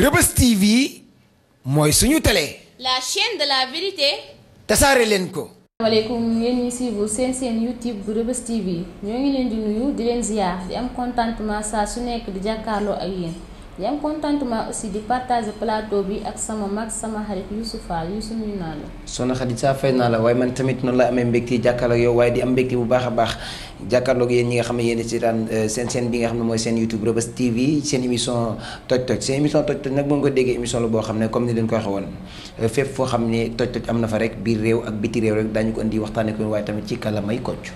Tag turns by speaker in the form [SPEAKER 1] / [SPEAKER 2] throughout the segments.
[SPEAKER 1] Reubeuss TV mooy suñu télé.
[SPEAKER 2] la chaîne de la vérité.
[SPEAKER 1] tasaare leen ko.
[SPEAKER 2] asalaamaaleykum yéen ñi suivre seen seen YouTube bu Reubeuss TV ñoo ngi leen di nuyu di leen ziar di am contentement saa su nekk di jàkkaarloo ak yéen. di am contentement aussi di partager plateau bi ak sama mag sama xarit Youssou Fall Youssou nuyu naa la.
[SPEAKER 1] soxna Xadi saa fay naa la waaye man tamit noonu la amee mbégte jàkkaarloog yow waaye di am mbégte bu baax a baax jàkkaarloog yéen ñi nga xam ne yéen ci daan euh, seen seen bi nga xam ne mooy seen YouTube Reubeuss TV seen émission toj toj seen émission toj toj nag bu ko déggee émission la boo xam ne comme ni leen ko waxee woon euh, foo xam ne toj toj am na fa rek bii réew ak biti réew rek daañu ko indi waxtaanee ko waaye tamit ci kàllaamay kocc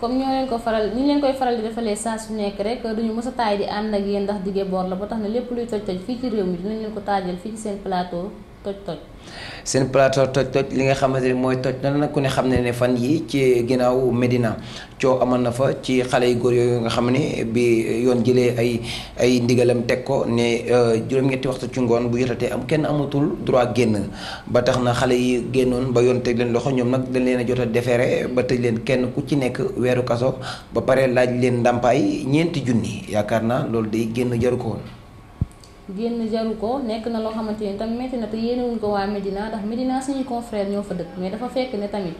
[SPEAKER 2] comme ñoo leen ko faral ñu leen koy faral di defalee saa su nekk rek duñu mës a taay di ànd ak yéen ndax dige boor la ba tax na lépp luy toj toj fii ci réew mi dinañ leen ko taajal fii ci seen plateau toj toj
[SPEAKER 1] seen plateau toj toj li nga xamante ni mooy toj na nag ku ne xam ne ne fan yi ci ginnaaw Medina coow amoon na fa ci xale yu góor yooyu nga xam ne bi yoon jëlee ay ay ndigalam teg ko ne euh, juróom-ñetti waxtu ci ngoon bu yotatee am kenn amatul droit génn ba tax na xale yi génnoon ba yoon teg leen loxo ñoom nag dañ leen a jot a defeere ba tëj leen kenn ku ci nekk weeru kaso ba pare laaj leen ndàmpaay ñeenti junni yaakaar naa loolu day génn jaru ko woon
[SPEAKER 2] génn jaru ko nekk na loo xamante ni tam métti na te yéenewuñ ko waa Médina ndax Médina suñu confrère ñoo fa dëkk mais dafa fekk ne tamit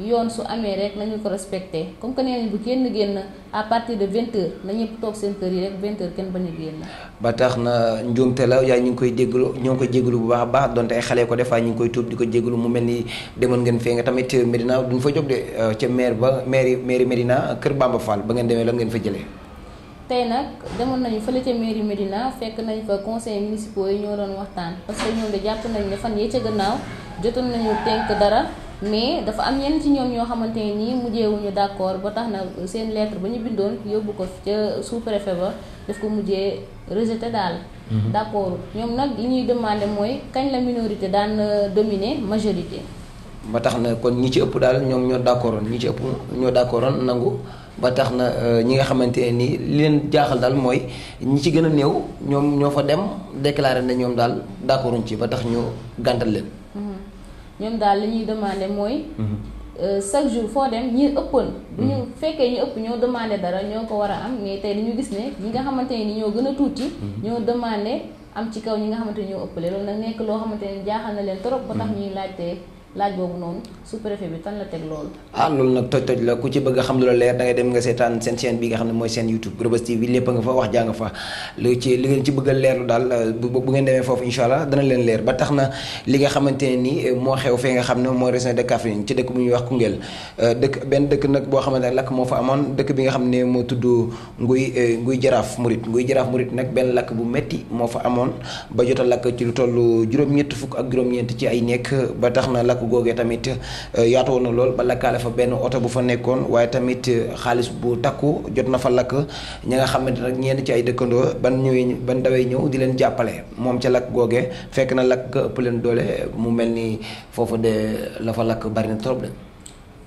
[SPEAKER 2] yoon su amee rek nañu ko respecté comme que nee nañ bu kenn génn à partir de vingt heures na ñëpp toog seen kër yi rek vingt
[SPEAKER 1] ba tax na njuumte la yaay ñu koy jégalu ñoo ngi koy jégalu bu baax baax donte ay xale ko def waaye ñu ngi koy tuub di ko jégalu mu mel ni demoon ngeen fee nga tamit Médina duñ fa jóg de ca maire ba maire maire Médina Kër Bamba Fall ba ngeen demee la ngeen fa jëlee.
[SPEAKER 2] tey nag demoon nañu fële ca mairie medina fekk nañ fa conseil municipaux yi ñoo doon waxtaan parce que ñoom de jàpp nañ ne fan yee ca gannaaw jotoon nañu tënk dara mais dafa am yenn ci ñoom ñoo xamante ni nii mujjeewuñu d'accord ba tax na seen lettre ba ñu bindoon yóbbu ko ca sous-préfet ba daf ko mujjee rejeté daal d'accord ñoom nag li ñuy demandé mooy kañ la minorité daan dominer majorité
[SPEAKER 1] ba tax na kon ñi ci ëpp daal ñoom ñoo d'accordoon ñi ci ëpp ñoo d'accordoon nangu ba tax na euh, ñi nga xamante ne nii li leen jaaxal daal mooy ñi ci gën a néew ñoom ñoo fa dem déclaré na ñoom daal d'accorduñ ci ba tax ñu gàntal leen.
[SPEAKER 2] Mm-hmm. ñoom daal li ñuy demandé mooy. Mm-hmm. Euh, chaque jour foo dem ñi ëppoon. Mm-hmm. ñu fekkee ñu ëpp ñoo demandé dara ñoo ko war a am mais tey dañu gis ne ñi nga xamante ne ni ñoo gën a tuuti. ñoo demandé am ci kaw ñi nga xamante ne ñoo ëppale loolu nag nekk loo xamante ne jaaxal na leen trop. ba tax ñuy laajte. laaj boobu noonu sous-préfet bi tan la teg loolu.
[SPEAKER 1] ah loolu nag toj toj la ku ci bëgg xam lu la leer dangay dem nga seetaan seen chaîne bi nga xam ne mooy seen YouTube Reubeuss TV lépp nga fa wax jàng fa lu ci li daal euh, bu bu ngeen demee foofu incha allah dana leen leer ba tax na li nga xamante ne nii euh, moo xew fee nga xam ne mooy région de Kaffrine ci dëkk bu ñuy wax Koungheul euh, dëkk benn dëkk nag boo xamante ne lakk moo fa amoon dëkk bi nga xam ne moo tudd nguy nguy jaraaf murit nguy jaraaf murit nag benn lakk bu metti moo fa amoon ba jot lakk ci lu toll juróom-ñett fukk ak juróom-ñeent ci ay nekk ba tax na lakk làkk googee tamit euh, yaatoo na lool ba lakkaale fa benn oto bu fa nekkoon waaye tamit euh, xaalis bu takku jot na fa lakk ñi nga xamante nag ñeen ci ay dëkkandoo ban ñëwee ban dawee ñëw di leen jàppale moom ca lakk googee fekk na lakk ëpp leen doole mu mel ni foofu de la fa lakk bari na trop de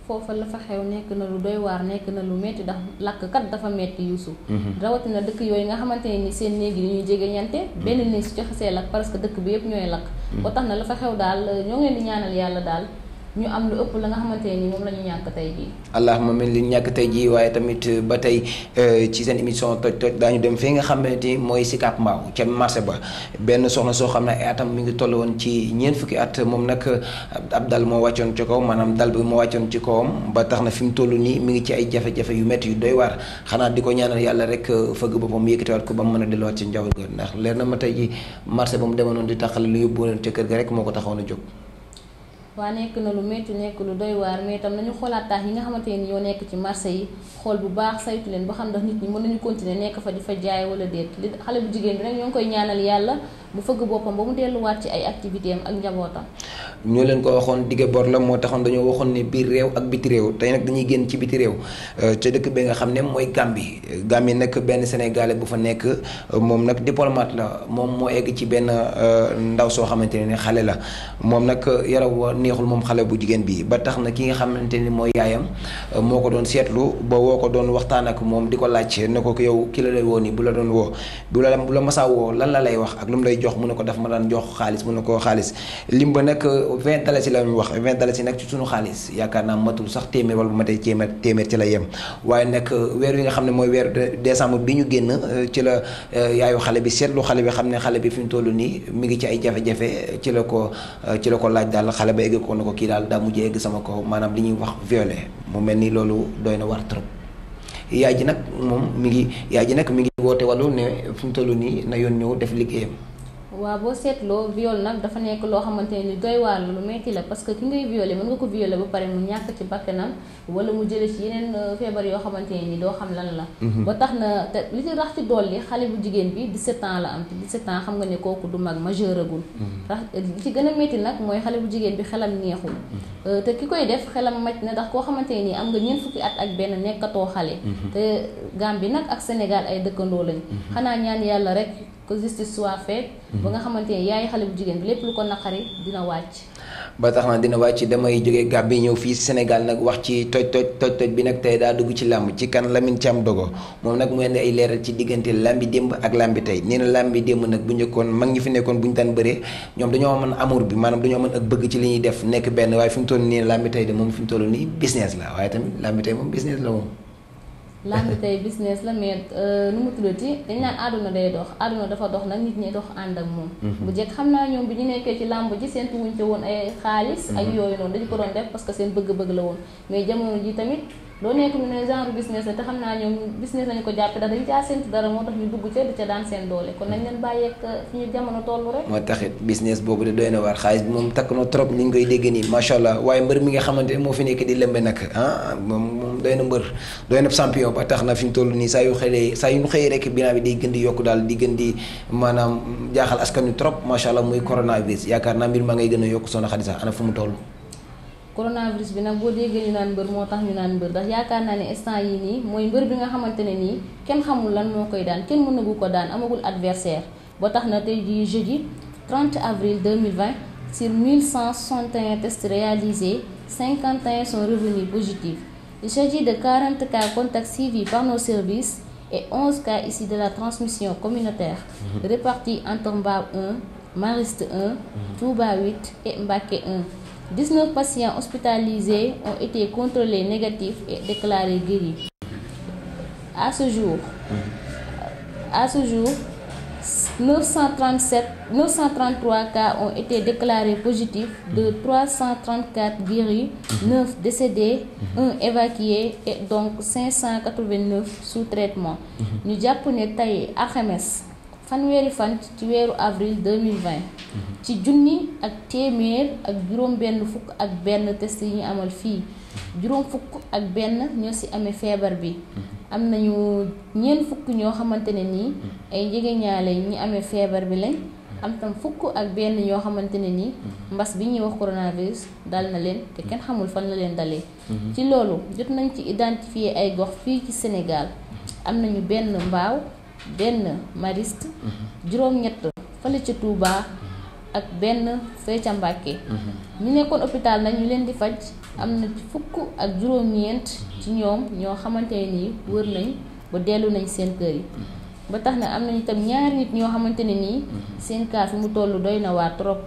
[SPEAKER 2] foofa la fa xew nekk na lu doy waar nekk na lu metti ndax lakk kat dafa metti yuusu mhm. rawatina dëkk yooyu nga xamante ne ni seen néeg yu ñuy jege ñante mhm. benn néeg su ci xasee lakk parce que dëkk bi yëpp ñooy lakk mhm. ba tax na la fa xew daal ñoo ngeen di ñaanal yàlla daal ñu am lu ëpp la nga xamante ne ni moom la ñàkk tey jii.
[SPEAKER 1] allahuma mel li ñàkk tey jii waaye tamit euh, ba tey euh, ci seen émission toj toj daañu dem fii nga xamante mooy Sicap Mbao ca marché ba benn soxna soo xam ne atam mi ngi toll woon ci ñeent fukki at moom nag ab dal moo wàccoon ci kaw maanaam dal bi moo wàccoon ci kawam ba tax na fi mu toll nii mi ngi ci ay jafe-jafe yu métti yu doy waar xanaa di ko ñaanal yàlla rek euh, fëgg boppam yëkkatiwaat ko ba mu mën a delluwaat ci njaboot ndax leer na ma tey jii marché ba mu demoon di taxal lu yóbbu woon ca kër ga rek ko taxawoon a jóg
[SPEAKER 2] waa nekk na lu metti nekk lu doy waar mais itam nañu xoolaat taax yi nga xamante ne ñoo nekk ci marché yi xool bu baax saytu leen ba xam ndax nit ñi mën nañu continuer nekk fa di fa jaay wala déet xale bu jigéen bi nag ñoo koy ñaanal yàlla mu fëgg boppam ba mu delluwaat ci ay activité ak njabootam.
[SPEAKER 1] ñoo leen ko waxoon dige bor la moo taxoon dañoo waxoon ne biir réew ak biti réew tey nag dañuy génn ci biti réew euh, ci dëkk bi nga xam ne mooy Gambie Gambie nag benn sénégalais bu fa nekk euh, moom nag diplomate la moom moo egg ci benn euh, ndaw soo xamante ne xale la moom nag yaraw neexul moom xale bu jigéen bi ba tax na ki nga xamante ni mooy yaayam euh, moo ko doon seetlu ba woo ko doon waxtaan ak moom di ko laaj ne ko ki la lay woo nii bu la la bu la masaa woo lan la lay wax ak lu mu lay jox mu ne ko ma daan jox xaalis mu ne koo xaalis lim ba nag euh, vingt dalasi la ñu wax vingt dalasi la yem waaye nag euh, weer wi nga la yaayu xale bi seetlu xale bi xam ne la ko ci la ko laaj daal xale ba yëge ko na ko kii daal daa mujj egg sama kaw maanaam li ñuy wax violé mu mel ni loolu doy na war trop yaay ji nag moom mi ngi yaay ji nag mi ngi woote wàllu ne fu mu toll nii na yoon ñëw def liggéeyam
[SPEAKER 2] waaw boo seetloo viol nag dafa nekk loo xamante ni doy waar la lu metti la parce que ki ngay violé mën nga ko violé ba pare mu ñàkk ci bakkanam wala mu jële ci yeneen euh, feebar yoo xamante ni doo xam lan la mhm. ba tax na te li ci rax ci dolli xale bu jigéen bi di ans la am te 17 ans xam nga ne kooku du mag majeur agul mhm. rax euh, li ci gën a metti nag mooy xale bu jigéen bi xelam neexul mhm. euh, te ki koy def xelam maj na ndax koo xamante nii am nga ñeent fukki ak benn nekkatoo xale te Gambie nag ak Sénégal ay dëkkandoo lañ xanaa ñaan yàlla rek que justice soit faite. ba nga xamante ne yaay xale bu jigéen bi lépp lu ko naqari dina wàcc.
[SPEAKER 1] ba tax na dina wàcc damay jógee Gambie ñëw fii senegal nag wax ci toj toj toj toj bi nag tey daa dugg ci làmb ci kan Lamine Thiam Dogo moom nag mu indi ay leeral ci diggante làmbi démb ak làmbi tey nee na làmbi démb nag bu njëkkoon mag ñi fi nekkoon bu ñu daan bëree ñoom dañoo mën amour bi maanaam dañoo mën ak bëgg ci li ñuy def nekk benn waaye fi mu toll nii làmbi tey moom fi mu toll nii business la waaye tamit làmbi tey moom business
[SPEAKER 2] lamb bi tey business la mais euh, nu mu tuddati dañ naan àdduna day dox àdduna dafa dox nag nit ñi dox ànd ak moom mhm. bu jëkk xam naa ñoom bi ñu nekkee ci làmb ji seen tuwuñ ci woon ay xaalis ak mhm. yooyu noonu dañu ko doon def parce que seen bëgg-bëgg la woon mais jamono ji tamit loo nekk ñu ne genre business la te xam naa ñoom business lañu ko jàppe ndax dañu caa séntu dara moo tax ñu dugg ca di ca daan seen doole kon nañ leen bàyyeek uh, fi ñu jamono toll rek
[SPEAKER 1] moo taxit business boobu de doy na waar xaalis moom takk na trop li ñu koy dégg nii macha allah mbër mi nga xamante ne moo fi nekk di lëmbe nag ah moom doy na mbër doy na champion ba tax na fi ñu toll nii saa yu xëyee saa yu ñu xëyee rek binaa bi day gën di yokku daal di gën di maanaam jaaxal askan wi trop macha allah muy coronavirus yaakaar naa mbir maa ngay gën yokk soxna Xadi sax ana fu mu toll
[SPEAKER 2] coronavirus bi nag boo déggee ñu naan mbër moo tax ñu naan mbër ndax yaakaar naa ne instant yii nii mooy mbër bi nga xamante ne nii kenn xamul lan moo koy daan kenn mënagu ko daan amagul adversaire ba tax na tey jii jeudi 30 avril 2020 sur 1161 tests réalisés 51 sont revenus positifs il s'agit de 40 cas contacts suivis par nos services et 11 cas ici de la transmission communautaire mmh. répartis entre Mbao 1 Mariste 1 mmh. Touba 8 et Mbake 1 19 patients hospitalisés ont été contrôlés négatifs et déclarés guéris. À ce jour, à ce jour 933 cas ont été déclarés positifs, de 334 guéris, 9 décédés, 1 évacué et donc 589 sous traitement. Nous japonais H.M.S. fanweeri fan ci weeru avril 2020 ci junni ak téeméer ak juróom benn fukk ak benn test yi ñu amal fii juróom fukk ak benn ñoo ci amee feebar bi am nañu ñeent fukk ñoo xamante ne nii ay jegeñaale ñi amee feebar bi lañ am tam fukk ak benn ñoo xamante ne nii mbas bi ñuy wax coronavirus dal na leen te kenn xamul fan la leen dalee ci loolu jot nañ ci identifier ay gox fii ci Sénégal am nañu benn mbaaw benn mariste juróom-ñett fële ca Touba ak benn fee Mbàkke ñu nekkoon hôpital nag ñu leen di faj am na fukk ak juróom-ñeent ci ñoom ñoo xamante nii wër nañ ba dellu nañ seen kër yi ba tax na am nañu tam ñaari nit ñoo xamante ne nii seen cas fi mu toll doy na waa trop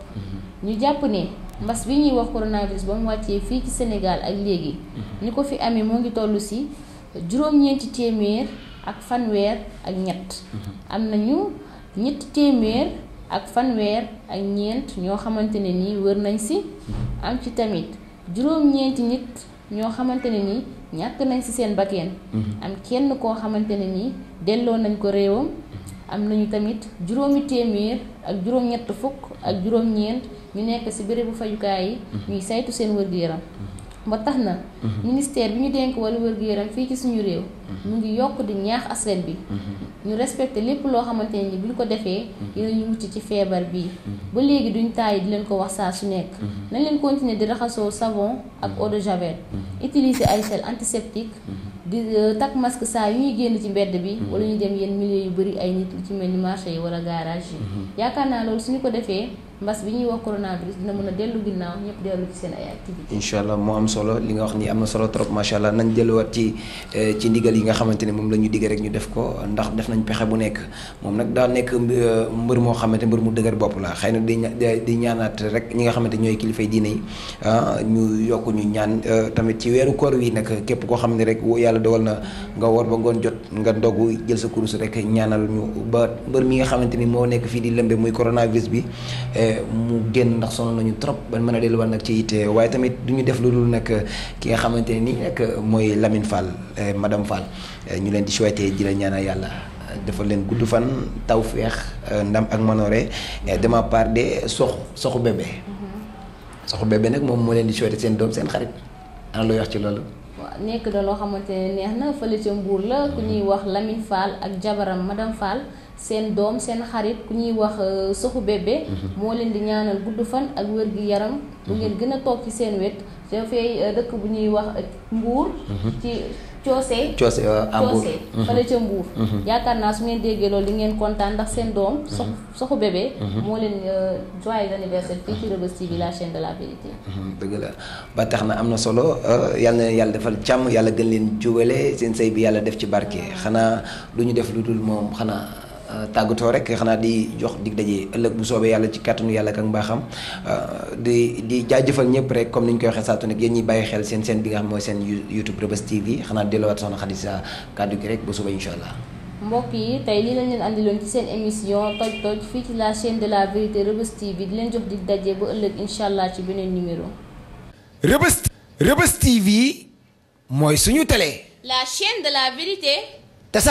[SPEAKER 2] ñu jàpp ne mbas bi ñuy wax coronavirus ba mu wàccee fii ci Sénégal ak léegi ñu ko fi amee moo ngi toll si juróom-ñeenti téeméer ak fanweer ak ñett mhm. am nañu ñetti téeméer ak fanweer ak ñeent ñoo xamante ne nii wër nañ si mhm. am ci tamit juróom-ñeenti nit ñoo xamante ne nii ñàkk nañ si seen bakeen mhm. am kenn koo xamante ne nii delloo nañ ko réewam am nañu tamit juróomi téeméer ak juróom-ñett fukk ak juróom-ñeent ñu nekk si bérébu fajukaay yi ñuy saytu seen wër-gu-yaram ba tax na. Mhm. ministère bi ñu dénk wàllu wér-gu-yaram fii ci suñu réew. Mhm. mu ngi yokk di ñaax askan bi. Mhm. ñu respecté lépp loo xamante ni bi ñu ko defee. yéen ñu mucc ci feebar bi ba léegi duñ taay di leen ko wax saa su nekk. nañ leen continuer di raxasoo savon ak eau de javel. utiliser ay sel antiseptique. di euh, takk masque saa yu ñuy génn ci mbedd bi. wala ñu dem yenn milieu yu bëri ay nit ci mel ni marché yi wala garage yi. yaakaar naa loolu suñu ko defee. mbas bi ñuy wax coronavirus dina mën a dellu ginnaaw ñëpp ci seen ay activité
[SPEAKER 1] incha allah am solo li nga wax ni am na solo trop macha allah nañ delluwaat ci eh, ci ndigal yi nga xamante ne moom la rek ñu def ko ndax def nañ bu nekk nekk mu la di rek ñi nga xamante ñooy kilifay diine ah, ñu yokk ñu ñaan eh, tamit ci koor wi rek yàlla dogal na nga war ba ngoon jot nga ndogu jël sa kurus rek ñaanal ñu ba mbër mi nga xamante ni nekk fii di muy coronavirus bi eh, après mu génn ndax sonal nañu trop ban mën a delluwaat nag ci itte waaye tamit du ñu def lu dul nag ki nga xamante ne nii rek mooy Lamine Fall eh, madam Fall eh, ñu leen di souhaité di la ñaanal yàlla dafa leen gudd fan taw feex eh, ndam ak manoore de ma part de sox soxu bébé. Mm-hmm. soxu bébé nag moom moo leen di souhaité seen doom seen xarit ana looy wax ci loolu.
[SPEAKER 2] nekk na loo xamante ne neex na fële ca Mbuur la ku ñuy wax Lamine Fall ak jabaram madame Fall seen doom seen xarit ku ñuy wax euh, soxu bébé mhm. moo leen di ñaanal gudd fan ak wér gi yaram bu mhm. ngeen gën a toog ci seen wet dafay euh, dëkk bu ñuy wax euh, Mbuur mhm. ci coosee
[SPEAKER 1] coosee waaw ambour coosee mhm. fële ca mbuur
[SPEAKER 2] mhm. yaakaar naa su ngeen déggee loolu li ngeen kontaan ndax seen doom mhm. sox soxu bébé moo leen euh, joyeux anniversaire fii ci Reubeuss la chaîne de la vérité
[SPEAKER 1] dëgg la ba tax na am na solo euh, yàlla na yàlla defal càmm yàlla gën leen jubale seen sëy bi yàlla def ci barke xanaa lu ñu def lu dul moom xanaa Euh, tàggatoo rek xanaa di jox dig daje ëllëg bu soobee yàlla ci kàttanu yàlla ak mbaaxam euh, di di jaajëfal ñëpp rek comme ni ñu koy sa saatu nag yéen ñi bàyyi xel seen seen bi nga xam mooy seen YouTube Reubeuss TV xanaa delluwaat soxna Xadisa kàddu gi rek bu soobee incha allah.
[SPEAKER 2] mbokk yi tey li lañ leen ci seen émission toj toj fii ci la chaîne de la vérité Reubeuss TV di leen jox dig daje ba ëllëg incha allah ci beneen numéro.
[SPEAKER 1] Reubeuss Reubeuss